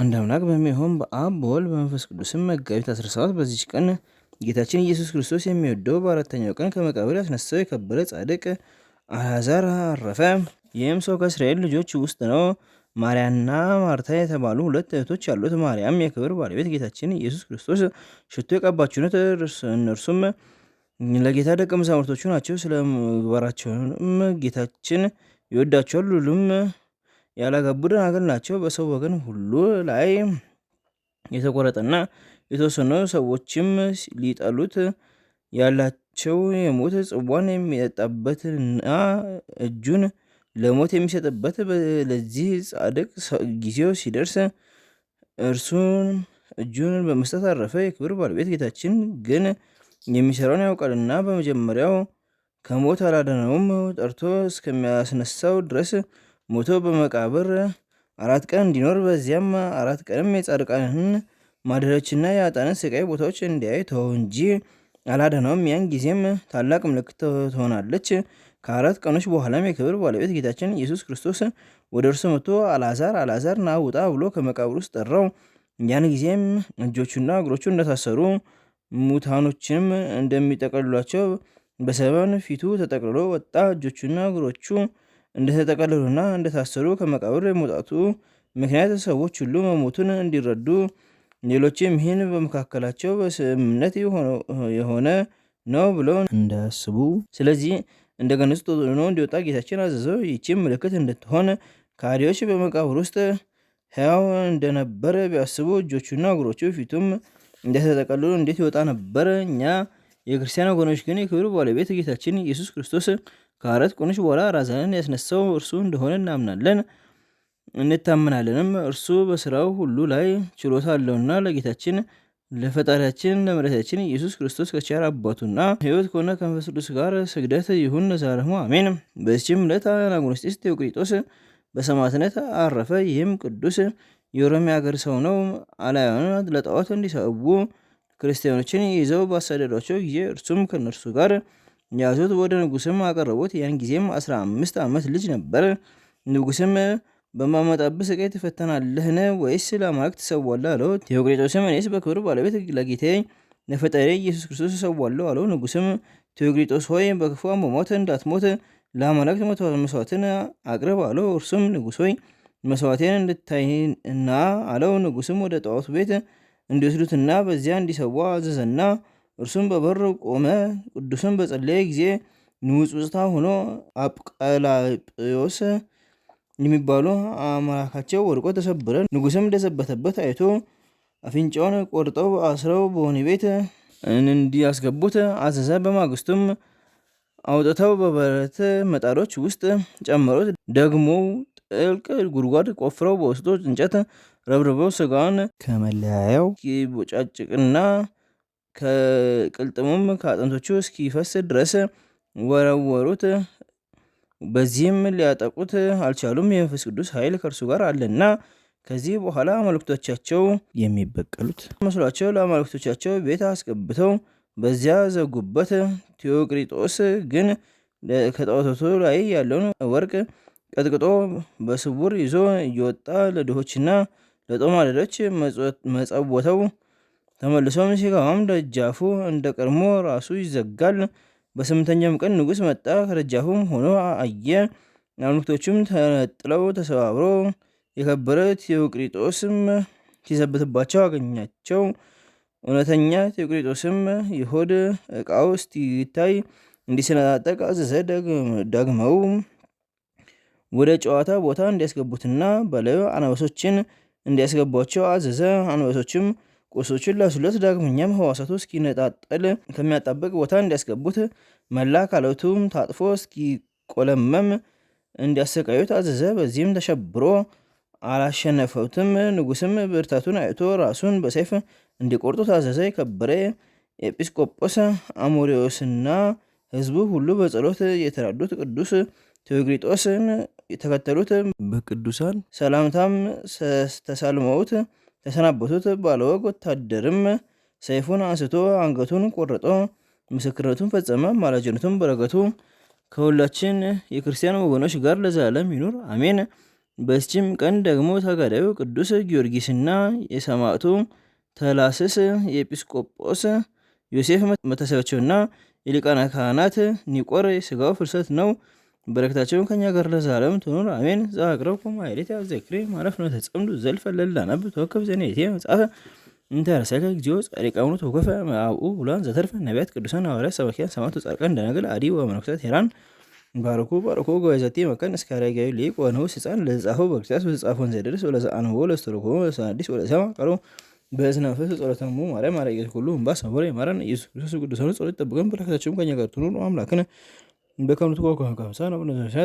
አንድ አምላክ በሚሆን በአብ በወልድ በመንፈስ ቅዱስም መጋቢት 17 በዚች ቀን ጌታችን ኢየሱስ ክርስቶስ የሚወደው በአራተኛው ቀን ከመቃብር ያስነሳው የከበረ ጻድቅ አልዓዛር አረፈ። ይህም ሰው ከእስራኤል ልጆች ውስጥ ነው። ማርያና ማርታ የተባሉ ሁለት እህቶች ያሉት። ማርያም የክብር ባለቤት ጌታችን ኢየሱስ ክርስቶስ ሽቶ የቀባችሁነት፣ እነርሱም ለጌታ ደቀ መዛሙርቶቹ ናቸው። ስለ ምግባራቸውም ጌታችን ይወዳቸዋል። ሁሉም ያላገቡ ደናግል ናቸው። በሰው ወገን ሁሉ ላይ የተቆረጠና የተወሰኑ ሰዎችም ሊጠሉት ያላቸው የሞት ጽዋን የሚጠጣበትና እጁን ለሞት የሚሰጥበት ለዚህ ጻድቅ ጊዜው ሲደርስ እርሱን እጁን በመስጠት አረፈ። የክብር ባለቤት ጌታችን ግን የሚሰራውን ያውቃልና በመጀመሪያው ከሞት አላደነውም። ጠርቶ እስከሚያስነሳው ድረስ ሞቶ በመቃብር አራት ቀን እንዲኖር በዚያም አራት ቀንም የጻድቃንን ማደሪያዎችና የኃጥአንን ስቃይ ቦታዎች እንዲያይ ተወው እንጂ አላደነውም። ያን ጊዜም ታላቅ ምልክት ትሆናለች። ከአራት ቀኖች በኋላም የክብር ባለቤት ጌታችን ኢየሱስ ክርስቶስ ወደ እርሱ መጥቶ አልዓዛር አልዓዛር ና ውጣ ብሎ ከመቃብር ውስጥ ጠራው። ያን ጊዜም እጆቹና እግሮቹ እንደታሰሩ ሙታኖችንም እንደሚጠቀልሏቸው በሰበን ፊቱ ተጠቅልሎ ወጣ። እጆቹና እግሮቹ እንደተጠቀለሉና እንደታሰሩ ከመቃብር የመውጣቱ ምክንያት ሰዎች ሁሉ መሞቱን እንዲረዱ ሌሎችም ይህን በመካከላቸው በስምምነት የሆነ ነው ብለው እንዳያስቡ ስለዚህ እንደ ገነት ውስጥ እንዲወጣ ጌታችን አዘዘው። ይቺም ምልክት እንድትሆን ከሃዲዎች በመቃብር ውስጥ ሕያው እንደነበረ ቢያስቡ እጆቹና እግሮቹ ፊቱም እንደተጠቀለሉ እንዴት ይወጣ ነበር? እኛ የክርስቲያን ወገኖች ግን የክብሩ ባለቤት ጌታችን ኢየሱስ ክርስቶስ ከአራት ቀኖች በኋላ ራዛንን ያስነሳው እርሱ እንደሆነ እናምናለን እንታምናለንም። እርሱ በስራው ሁሉ ላይ ችሎታ አለውና ለጌታችን ለፈጣሪያችን ለመድኃኒታችን ኢየሱስ ክርስቶስ ከቸር አባቱና ሕይወት ከሆነ ከመንፈስ ቅዱስ ጋር ስግደት ይሁን ለዘላለሙ አሜን። በዚችም ዕለት አናጉንስጢስ ቴዎቅሪጦስ በሰማዕትነት አረፈ። ይህም ቅዱስ የኦሮሚያ ሀገር ሰው ነው። አላያን ለጣዖት እንዲሰቡ ክርስቲያኖችን ይዘው ባሳደዷቸው ጊዜ እርሱም ከእነርሱ ጋር ያዙት፣ ወደ ንጉስም አቀረቡት። ያን ጊዜም አስራ አምስት ዓመት ልጅ ነበር። ንጉስም በማመጣብህ ስቃይ ትፈተናለህን? ወይስ ለአማልክት ትሰዋለህ? አለው። ቴዎቅሪጦስም እኔስ በክብር ባለቤት ለጌቴ ለፈጣሪ ኢየሱስ ክርስቶስ እሰዋለሁ አለው። ንጉስም ቴዎቅሪጦስ ሆይ በክፉ በሞት እንዳትሞት ለአማልክት መስዋዕትን አቅርብ አለው። እርሱም ንጉሥ ሆይ መስዋዕቴን እንድታይና አለው። ንጉስም ወደ ጣዖት ቤት እንዲወስዱትና በዚያ እንዲሰዋ አዘዘና እርሱም በበር ቆመ። ቅዱስም በጸለየ ጊዜ ንውጽውጽታ ሆኖ አጵቀላጵዮስ የሚባሉ አምላካቸው ወድቆ ተሰበረ። ንጉስም ደሰበተበት አይቶ አፍንጫውን ቆርጠው አስረው በሆነ ቤት እንዲያስገቡት አዘዘ። በማግስቱም አውጥተው በብረት መጣዶች ውስጥ ጨመሩት። ደግሞ ጥልቅ ጉድጓድ ቆፍረው በውስጡ እንጨት ረብርበው ስጋውን ከመለያያው ቦጫጭቅና ከቅልጥሙም ከአጥንቶቹ እስኪፈስ ድረስ ወረወሩት። በዚህም ሊያጠቁት አልቻሉም፣ የመንፈስ ቅዱስ ኃይል ከእርሱ ጋር አለና። ከዚህ በኋላ አማልክቶቻቸው የሚበቀሉት መስሏቸው ለአማልክቶቻቸው ቤት አስገብተው በዚያ ዘጉበት። ቴዎቅሪጦስ ግን ከጣዖታቱ ላይ ያለውን ወርቅ ቀጥቅጦ በስውር ይዞ እየወጣ ለድሆችና ለጦማደዶች መጸወተው። ተመልሶም ሲገባም ደጃፉ እንደ ቀድሞ ራሱ ይዘጋል። በስምንተኛውም ቀን ንጉሥ መጣ፣ ከደጃፉም ሆኖ አየ። አርማቶቹም ተነጥለው ተሰባብሮ የከበረ ቴዎቅሪጦስም ሲሰብትባቸው አገኛቸው። እውነተኛ ቴዎቅሪጦስም የሆድ ዕቃው እስቲታይ እንዲሰነጣጠቅ አዘዘ። ዳግመው ወደ ጨዋታ ቦታ እንዲያስገቡትና በላዩ አንበሶችን እንዲያስገቧቸው አዘዘ። አንበሶችም ቁሶችን ለሁለት ዳግመኛም ህዋሳቱ እስኪነጣጠል ከሚያጣበቅ ቦታ እንዲያስገቡት መላ አካላቱም ታጥፎ እስኪቆለመም እንዲያሰቃዩት አዘዘ። በዚህም ተሸብሮ አላሸነፈውትም። ንጉስም ብርታቱን አይቶ ራሱን በሰይፍ እንዲቆርጡ ታዘዘ። የከበረ ኤጲስቆጶስ አሞሪዎስና ህዝቡ ሁሉ በጸሎት የተራዱት ቅዱስ ቴዎግሪጦስን የተከተሉት በቅዱሳን ሰላምታም ተሳልመውት ተሰናበቱት። ባለወግ ወታደርም ሰይፉን አንስቶ አንገቱን ቆረጦ ምስክርነቱን ፈጸመ። ማላጅነቱን በረከቱ ከሁላችን የክርስቲያን ወገኖች ጋር ለዘላለም ይኑር አሜን። በዚችም ቀን ደግሞ ተጋዳዩ ቅዱስ ጊዮርጊስና የሰማዕቱ ተላስስ የኤጲስቆጶስ ዮሴፍ መታሰቢያቸውና የሊቃነ ካህናት ኒቆር የስጋው ፍልሰት ነው። በረከታቸውም ከኛ ጋር ለዛለም ትኑር አሜን። ዘአቅረብኩ ማኅሌተ ዘክሬ ነው ተጸምዱ ዘልፈ ለላነብ ተወከፍ ቴ መጽሐፈ እንተረሰከ ረሳይከ እግዚኦ ተወከፈ አብኡ ብሉዓን ዘተርፈ ነቢያት ቅዱሳን ሐዋርያት ሰባኪያን ሰማቱ ጻድቃን ደናግል አዲ ወመነኮሳት ሄራን ባርኩ ባርኩ ጓይዘቲ መካን እስከ አረጋዊ ሊቅ ወንዑስ ሕፃን ለተጻፈው በክርስቲያስ በተጻፈውን ዘደርስ ወለዘአንቦ ለስተርጎሙ ወለሰአዲስ ወለሰማ ቀሮ በዝናፈስ መንፈስ ጸሎተሙ ማርያም አረጋዊት ሁሉ እምባ ሰቦረ ይማረን ኢየሱስ ክርስቶስ ቅዱሳኑ ጸሎት ይጠብቀን። በረከታቸውም ከኛ ጋር ትኑር አምላክነ በቀን የምትጓጓው ከሀምሳ ነው በነዛ